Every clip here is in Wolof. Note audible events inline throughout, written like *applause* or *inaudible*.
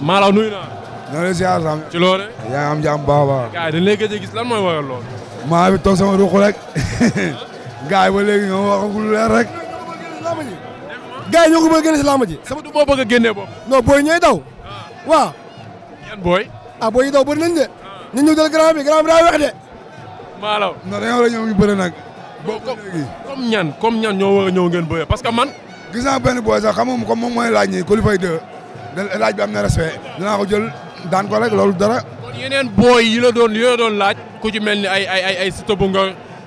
Malaw nuyu naa. ñoo ngi ziar ci loolu de. yaa ngi am jàmm baax a gis lan mooy waral loolu. maa ngi toog sama ruq rek. *laughs* gars yi ba léegi ñoom waxagul lu leer ñoo ko bëgg a génne si làmb ji. sama du moo bëgg a génne bopp. ñooy daw. Ah. waaw. yan booy. ah yi daw bëri nañ de. ñu ñu dal bi grand bi daa weex de. Malaw. non dañoo war a ñëw ñu bëri nag. boo comme ñan comme ñan ñoo war a ñëw ngeen que man. gis naa benn booy laaj ñi qualifié 2 laaj bi am na respect dinaa ko jël daan ko rek loolu dara. kon yeneen booy yi la doon yi doon laaj ku ci mel ni ay ay ay ay Siteu bu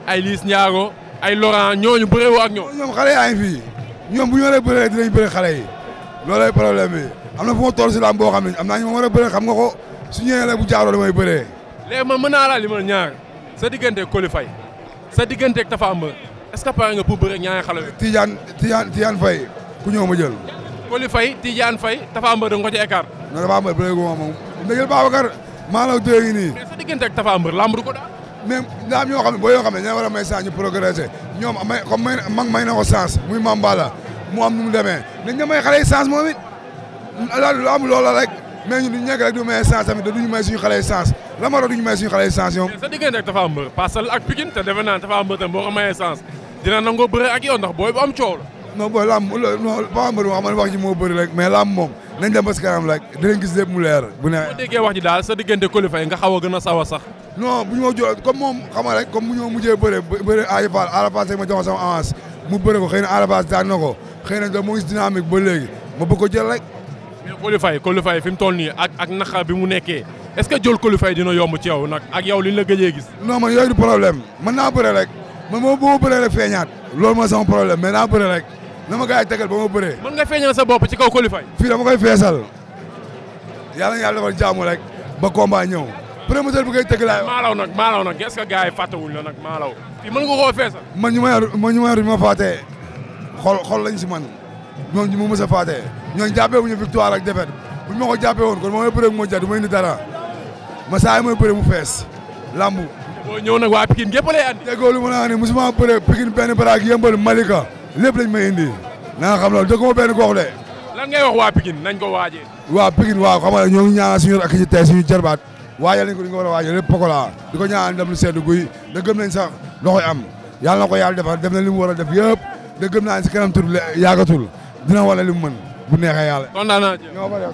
ay Liss Ndiago ay Laurent ñooñu bëree woo ak ñoom. ñoom xale yaa ngi ñoom bu ñu waree bëree dinañ bëri xale yi loolay problème bi am na fu ma toll si laam boo xam ne am naa ñu ma war a bëree xam nga ko su ñëwee la bu jaaroo damay bëree. léegi ma mën a naa laa limal ñaar sa diggante Coly Faye sa diggante ak Tapha Mbeur est-ce que pare nga pour bëre ñaari xale yi. Tidiane Tidiane ñëw ma jël Coly fay Tidiane Faye Tapha Mbeur da nga ko ci écart. non Tapha Mbeur bëreegul ma moom. ndegel Babacar maa la dégg nii. mais sa diggante ak Tapha Mbeur ko daal. mais daa ñoo xam ne boo yoo xam ne ñoo a may chance ñu progressé ñoom may comme may may na muy Mambala mu am nu mu demee nañ ne may xale yi chance moom it lu am loola rek mais ñun duñ nekk rek du da duñu may suñu xale yi chance la ma doon duñu may suñu xale yi chance ñoom. mais sa diggante ak Tapha Mbeur ak Pikine te defe naa Tapha am coow non booy làmb non pas mbër moo xam ne wax ji moo bëri rek mais làmb moom nañ dem ba si kanam rek dinañ gis lépp mu leer bu neexee. boo déggee wax ji daal sa diggante qualifié nga xaw a gën a sawa sax. non bu ñu ma moom xam nga rek comme bu ñu mujjee bëre bëre Aji Fall Ada Fass ma jox sama avance mu bëre ko xëy na Ada Fass daan na ko xëy na da moo gis dynamique ba léegi ma bëgg ko jël rek. mais qualifié qualifié fi mu toll nii ak ak naxa bi mu nekkee est ce que jël qualifié dina yomb ci yow nag ak yow li la gëjee gis. non man yooyu du problème man naa bëre rek man boo boo bëree rek feeñaat loolu mooy rek na ma gars yi tegal ba ma bëree. mën nga feeñal sa bopp ci kaw qualifier. fii dama koy feesal yàlla na yàlla defal jaamu rek ba combat ñëw promoteur bi koy tëgg laay. maalaw nag maalaw nag est-ce que gars yi fàttewuñ la nag maalaw. man ñu ma man ñu ma yar ma fàttee xol xol lañ si man ñoom ñu ma mës a fàttee ñooñu jàppee wuñu victoire ak défaite buñ ma ko jàppee woon kon moom mooy bëre mu ma jàpp du ma indi dara ma saa yi bëre mu fees lambu. boo ñëw nag waa Pikine gépp lay andi. déggoo lu ma bëre Pikine benn baraak yëmbal Malika lépp lañ ma indi na nga xam loolu dëkk ma benn gox de. lan ngay wax waa Pikine nañ ko waajee. waa Pikine waaw xam nga ñoo ngi ñaanal suñu ak ci tey suñu jarbaat waajal nañ ko ni nga war a waajal lépp Pokola di ko ñaanal ndam lu sedd guy da gëm nañ sax loxoy am yàlla na ko yàlla defal def na li mu war a def yëpp da gëm naa si kanam tur yaagatul dina wala li mu mën bu neexee yàlla. kontaan naa